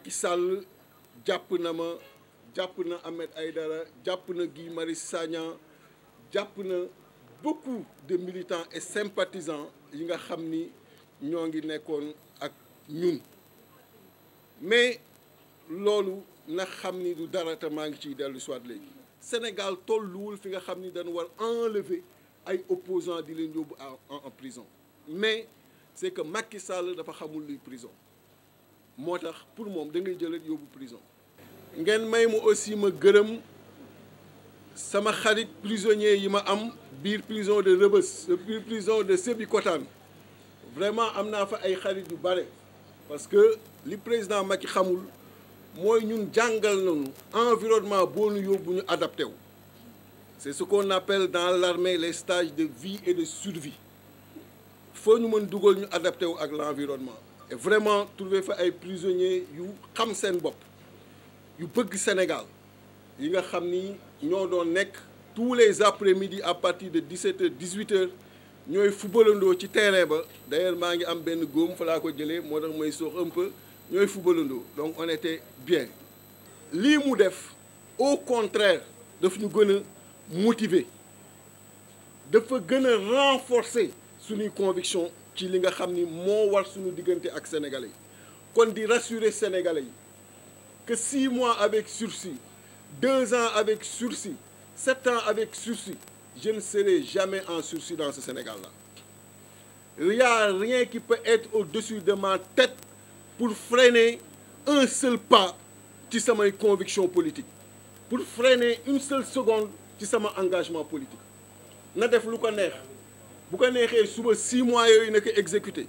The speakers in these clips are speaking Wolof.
Macky Sall jàpp na ma jàpp na Ahmed Aïdara jàpp na Guy Marius Sagna jàpp na beaucoup de militants et sympathisants yi nga xam ni ñoo ngi nekkoon ak ñun mais loolu na xam ni du dara te maa ngi ciy dellu soit léegi Sénégal tolluwul fi nga xam ni dañu war enlever ay opposants di leen yóbbu en prison mais c'est que Macky Sall dafa xamul luy prison moo tax pour moom dangay ngay jëlee yóbbu prison. ngeen may ma aussi ma gërëm sama xarit prisonnier yi ma am biir prison de Rebeuss biir prison de Sébikotane vraiment am naa fa ay xarit yu bare parce que li président Macky xamul mooy ñun jàngal nañu environnement boo ñu yóbbu ñu adapté wu. c'est ce qu'on appelle dans l'armée les stages de vie et de survie foo ñu mën dugal ñu adapté wu ak l'environnement. et vraiment trouver fa ay prisonniers yu xam seen bopp yu bëgg Sénégal yi nga xam ni ñoo doon nekk tous les après-midi à partir de 17 heures 18 heures ñooy fubalandoo ci terrain ba d'ailleurs maa ngi am benn góom fa laa ko jëlee moo tax may soox un peu ñooy fubalandoo donc on était bien lii mu def au contraire daf ñu gën a motiver dafa gën a renforcer suñuy conviction ci li nga xam ni moo war suñu diggante ak sénégalais yi kon di rassurer sénégalais yi que six mois avec sursis deux ans avec sursis sept ans avec sursis je ne serai jamais en sursis dans ce Sénégal-là il n'y a rien qui peut être au-dessus de ma tête pour freiner un seul pas ci samay conviction politique pour freiner une seule seconde ci sama engagement politique na def lu ko neex bu ko neexee suba six mois yooyu na ko exécuté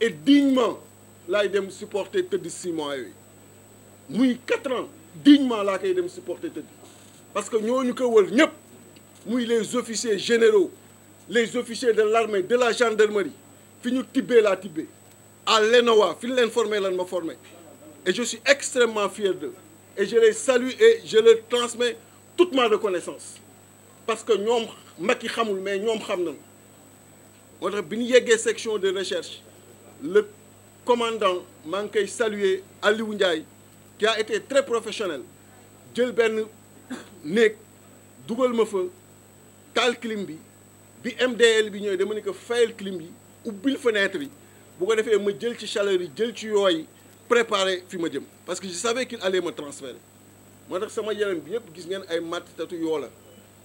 et dignement laay dem supporter tëdd six mois yooyu muy quatre ans dignement laa koy dem supporté tëdd parce que ñooñu ko wër ñëpp muy les officiers généraux les officiers de l'armée de la gendarmerie fi ñu tibbee laa tibbee à l'ENOA fi ñu leen formé lan ma formé et je suis extrêmement fier d'eux et je les salue et je leur transmets toute ma reconnaissance parce que ñoom Macky xamul mais ñoom xam na moo tax bi ñu yeggee section de recherche le commandant maa ngi koy saluer Aliou Ndiaye qui a été très professionnel jël benn néeg dugal ma fa taal clim bi bi MDL bi ñëwee dama ne ko fayal clim bi ubbil fenêtre yi bu ko defee ma jël ci chaleur yi jël ci yooyu préparé fi ma jëm parce que je savais qu'il allait me transférer moo tax sama yaram bi yëpp gis ngeen ay matt tatu yoo la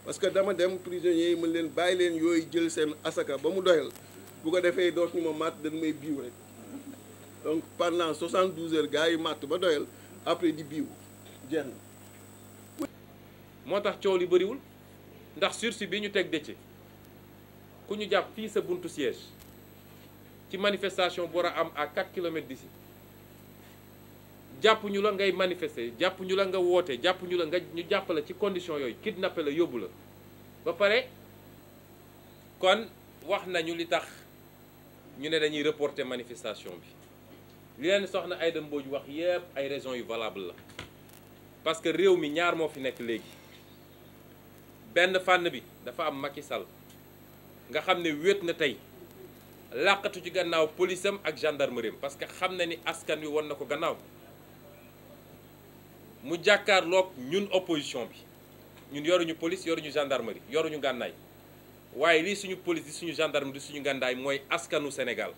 parce que dama dem prisonniers yi mën leen bàyyi leen yooyu jël seen asaka ba mu doyal bu ko defee ñu ma màtt dañu may biiw rek donc pendant 72 heures gars yi màtt ba doyal après di biiw jeex na. moo tax coow li bëriwul ndax sursis bi ñu teg dëcc ku ñu jàpp fii sa buntu siège ci manifestation bu war a am à 4 kilomètres d'ici jàpp ñu la ngay manifester jàpp ñu la nga woote jàpp ñu la nga ñu jàpp la ci condition yooyu kidnappé la yóbbu la ba pare kon wax nañu li tax ñu ne dañuy reporter manifestation bi li leen soxna Aïda Mbodj wax yépp ay raisons yu valable la parce que réew mi ñaar moo fi nekk léegi benn fànn bi dafa am Macky Sall nga xam ne wéet na tey làqatu ci gannaaw police am ak gendarmerie am parce que xam na ni askan wi won na ko gannaaw mu jàkkaarloog ñun opposition bi ñun yoruñu police yoruñu gendarmerie yoruñu gànnaay waaye lii suñu police di suñu gendarmerie di suñu gànnaay mooy askanu Sénégal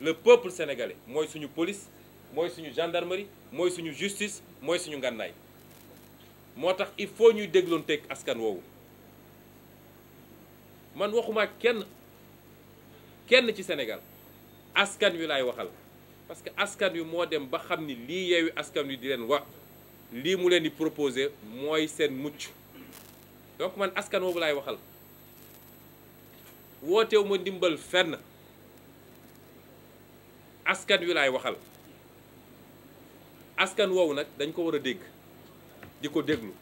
le peuple mooy suñu police mooy suñu gendarmerie mooy suñu justice mooy suñu ngànnaay moo tax il faut ñuy dégloonteeg askan woowu man waxuma kenn kenn ci Sénégal askan wi laay waxal parce que askan wi moo dem ba xam ni lii yeewi askan wi di leen wa lii mu leen di proposé mooy seen mucc donc man askan woowu laay waxal wootewu ma ndimbal fenn askan wi laay waxal askan woowu nag dañ ko war a dégg di ko déglu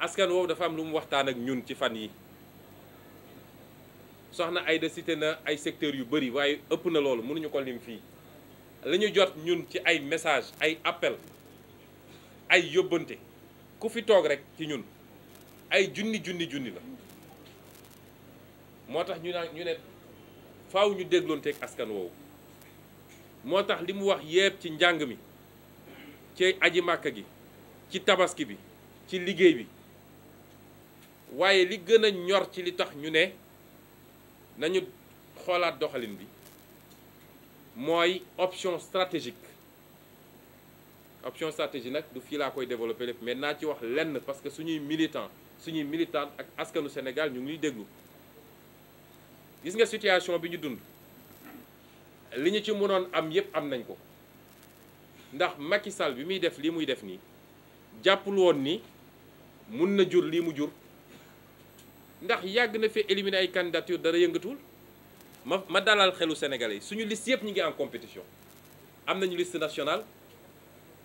askan woowu dafa am lu mu waxtaan ak ñun ci fan yi soxna Aïda cité na ay secteurs yu bari waaye ëpp na loolu mënuñu ko lim fii la ñu jot ñun ci ay message ay appel ay yóbbante ku fi toog rek ci ñun ay junni junni junni la moo tax ñu naan ñu ne faw ñu dégloonteeg askan woowu moo tax li mu wax yépp ci njàng mi ci aji màkk gi ci tabaski bi ci liggéey bi waaye li gën a ñor ci li tax ñu ne nañu xoolaat doxalin bi mooy option stratégique option stratégique nag du fii laa koy développé lépp mais naa ci wax lenn parce que suñuy militant suñuy militant ak askanu senegal ñu ngi déglu gis nga situation bi ñu dund li ñu ci mënoon am yépp am nañ ko ndax Macky Sall bi muy def lii muy def nii jàppul woon ni mun na jur lii mu jur ndax yàgg na fi éliminer ay candidature dara yëngatuwul ma ma dalal xelu Sénégalais yi suñu liste yëpp ñu ngi en compétition am nañu liste nationale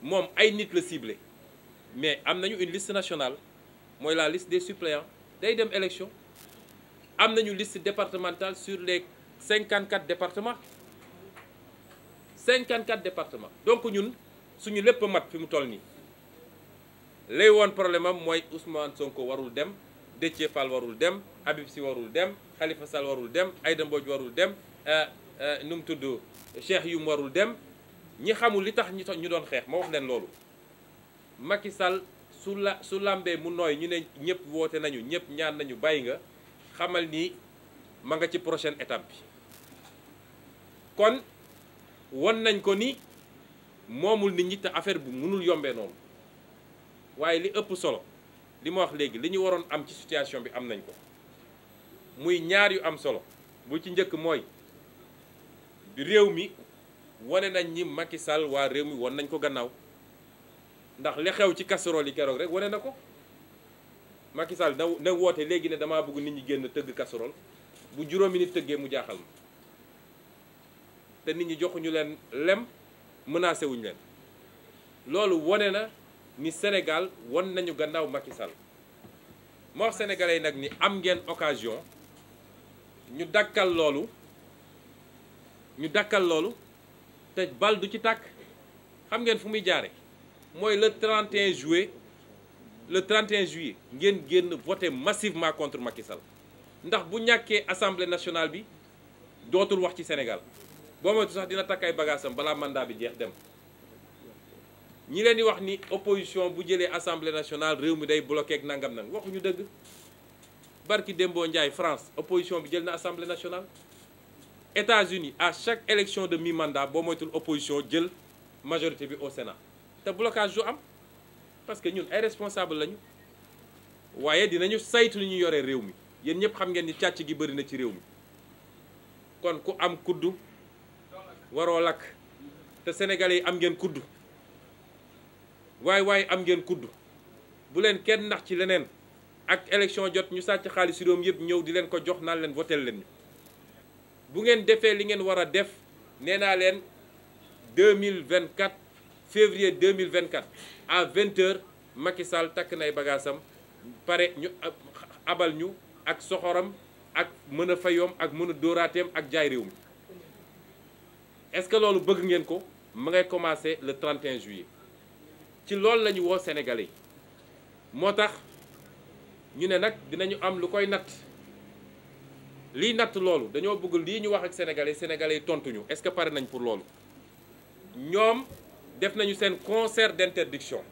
moom ay nit la cible mais am nañu une liste nationale mooy la liste des suppléants day dem élection am nañu liste départementale sur les 54 départements 54 départements donc ñun suñu lépp a mat fi mu toll nii lay woon problème am mooy Ousmane Sonko warul dem Déthié Fall warul dem. Habib si warul dem Khalifa Sall warul dem Aïda Mbodj warul dem euh, euh, nu mu tudd Cheikh Youm warul dem ñi xamul li tax ñu doon xeex ma wax leen loolu ki sal su la su lambee mu nooy ñu ne ñëpp woote nañu ñëpp ñaan nañu bàyyi nga xamal ni ma nga ci prochaine étape bi kon won nañ ko ni moomul ni ñi te affaire bu mënul yombee noonu waaye li ëpp solo li ma wax léegi li ñu waroon am ci situation bi am nañ ko muy ñaar yu am solo bu ci njëkk mooy réew mi wane nañ ñi Macky Sall waa réew mi wan nañ ko gannaaw ndax li xew ci casserole yi keroog rek wane na ko Macky Sall na na woote léegi ne damaa bëgg nit ñi génn tëgg casserole bu juróomi nit tëggee mu jaaxal ma te nit ñi joxuñu leen lem menacé wuñu leen loolu wone na ni Sénégal won nañu gannaaw Macky Sall moo wax sénégalais yi nag ni am ngeen occasion ñu dakkal loolu ñu dakkal loolu te bal du ci tàkk xam ngeen fu muy jaare mooy le 31 juillet le 31 juillet ngeen génn voté massivement contre Macky ndax bu ñàkkee assemblée nationale bi dootul wax ci Sénégal boo moytu sax dina takk ay bagaasam balaa mandat bi jeex dem ñi leen di wax ni opposition bu jëlee assemblée nationale réew mi day bloqué ak nangam nang waxuñu dëgg barki Dembo Ndiaye France opposition bi jël na assemblée nationale États-Unis à chaque élection de mi-mandat boo moytul opposition jël majorité bi au Sénat te blockage du am parce que ñun ay responsable lañu waaye dinañu saytu li ñu yoree réew mi yéen ñëpp xam ngeen ni càcc gi bëri na ci réew mi kon ku am kuddu waroo lakk te sénégalais yi am ngeen kuddu waaye waaye am ngeen kuddu buleen kenn ndax ci leneen. ak élection jot ñu sàcc xaalis yu doom yëpp ñëw di leen ko jox naan leen votel leen ñu bu ngeen defee li ngeen war a def nee naa leen mille vingt 2024 février 2024 à 20 heures Macky Sall takk nay bagaasam pare ñu abal ñu ak soxoram ak mën a fayoom ak mën a dóoraateem ak jaay réew mi est-ce que loolu bëgg ngeen ko ma ngay commencer le 31 juillet ci loolu la ñu woo sénégalais yi moo tax ñu ne nag dinañu am lu koy natt liy natt loolu dañoo bëgg lii ñu wax ak sénégalais sénégalais yi tontuñu est-ce que pare nañ pour loolu ñoom def nañu seen concert d'interdiction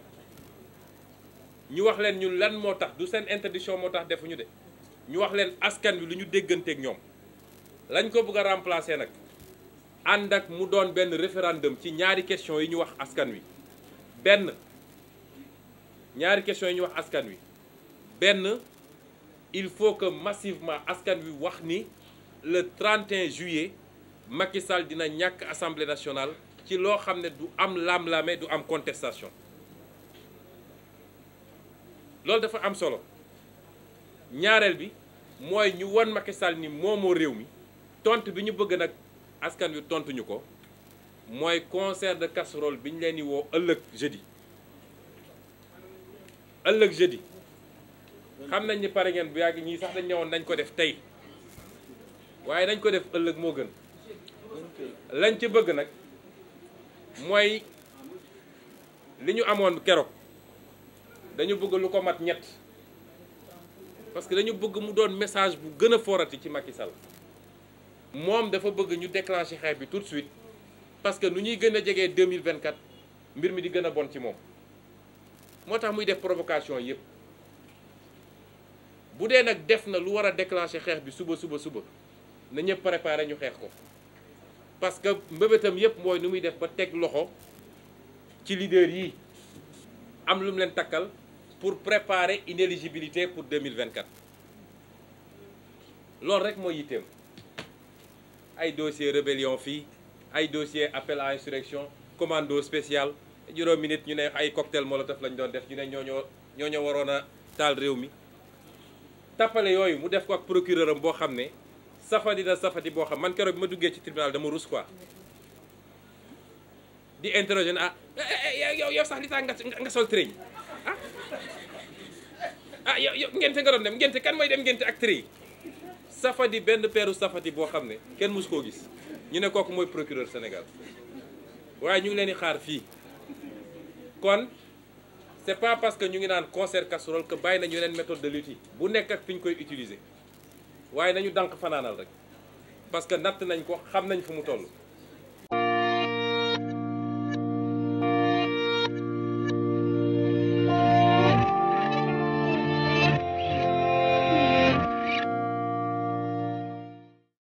ñu wax leen ñu lan moo tax du seen interdiction moo tax defuñu de ñu wax leen askan wi lu ñu dégganteeg ñoom lañ ko bëgg a remplacer nag ànd ak mu doon benn référendum ci ñaari question yi ñu wax askan wi benn ñaari question yi ñu wax askan wi benn il faut que massivement askan wi wax ni le 31 juillet Macky dina ñàkk assemblée nationale ci loo xam ne du am lam laame du am contestation loolu dafa am solo ñaareel bi mooy ñu wan Macky Sall ni moomoo réew mi tontu bi ñu bëgg nag askan wi tontuñu ko mooy concert de casserole bi ñu leen di woo ëllëg jeudi ëllëg jeudi. xam nañ ni pare ngeen bu yàgg ñii sax dañ ñëwoon nañ ko def tey waaye nañ ko def ëllëg moo gën lañ ci bëgg nag mooy li ñu amoon keroog dañu bëgg lu ko mat ñett parce que dañu bëgg mu doon message bu gën a forati ci Macky Sall moom dafa bëgg ñu déclencher xeex bi tout de suite parce que ñuy gën a jegee 2024 mbir mi di gën a bon ci moom moo tax muy def provocation yëpp bu dee nag def na lu war a déclencher xeex bi suba suba suba na ñëpp préparer ñu xeex ko parce que mbébétam yëpp mooy nu muy def ba teg loxo ci leader yi am lu mu leen takkal pour préparer inéligibilité pour 2024 loolu rek mooy yitteem ay dossier rébellion fii ay dossier appel à insurrection commando spécial juróomi nit ñu ne ay cocktail molotov lañ doon def ñu ne ñoo ñoo ñoo waroon a taal réew mi tappale yooyu mu def ko ak procureur am boo xam ne safadi na safadi boo xam man keroog bi ma duggee ci tribunal dama rus quoi di interroger ah eh, eh, yow yow sax li tax nga nga sol trait yi ah? ah yow yow nga doon dem ngénte kan mooy dem ngente ak trait yi safadi benn peeru safadi boo xam ne kenn mus koo gis ñu ne kooku mooy procureur Sénégal waaye ñu ngi leen di xaar fii kon c'est pas parce que ñu ngi naan concert casserole que bàyyi nañu yeneen méthode de lutte bu nekk ak fi ñu koy utiliser waaye nañu dànk fanaanal rek parce que natt nañ ko xam nañ fu mu toll